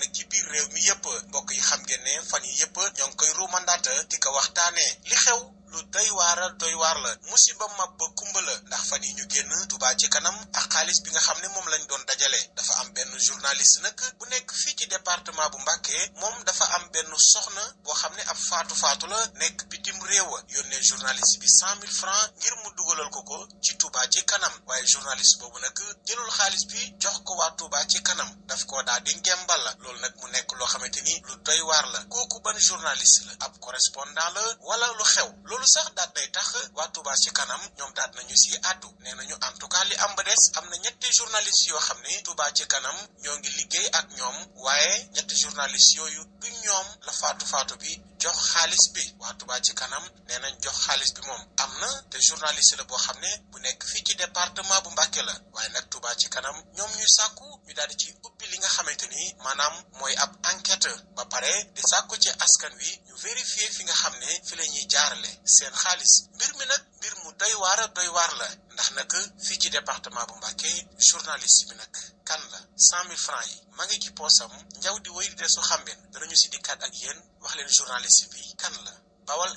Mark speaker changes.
Speaker 1: nag ci biir réew mi yépp mbokk yi xam ngeen ne fan yi yépp ñoo ngi koy ruumandaata di ko waxtaanee li xew lu doy waara waar la musiba mab ba kumba la ndax fan yi ñu génn Touba ci kanam ak xaalis bi nga xam ne moom lañ doon dajale dafa am benn journaliste nag bu nekk fii ci département bu Mbacké moom dafa am benn soxna boo xam ne ab faatu faatu la nekk bitim réew réewa yónnee journaliste bi cent mille francs ngir mu dugalal ko ko ci Touba ci kanam waaye journaliste boobu nag jëlul xaalis bi jox ko waa Touba ci kanam daf ko daal di ngembal la loolu nag xamante ni lu doy waar la kooku ban journaliste la ab correspondant la wala lu xew loolu sax daat tax waa Touba ci kanam ñoom daat nañu si àddu nee nañu en tout cas li am ba des am na ñetti journaliste yoo xam ne Touba ci kanam ñoo ngi liggéey ak ñoom waaye ñetti journaliste yooyu du ñoom la faatu faatu bi jox xaalis bi waa Touba ci kanam nee nañ jox xaalis bi moom am na te journaliste la boo xam ne bu nekk fii ci département bu Mbàkke la waaye nag Touba ci kanam ñoom ñuy ñu daal di ci ubbi li nga xamante ni maanaam mooy ab pare di saako ci askan wi ñu vérifier fi nga xam ne fi la ñuy jaarale seen xaalis mbir mi nag mbir mu doy waar doy waar la ndax nag fii ci département bu Mbacké journaliste bi nag kan la cent mille francs yi ma ngi ci poosam njaw di wéy di desu xambeen danañu si dikkaat ak yéen wax leen journaliste bi kan la bawal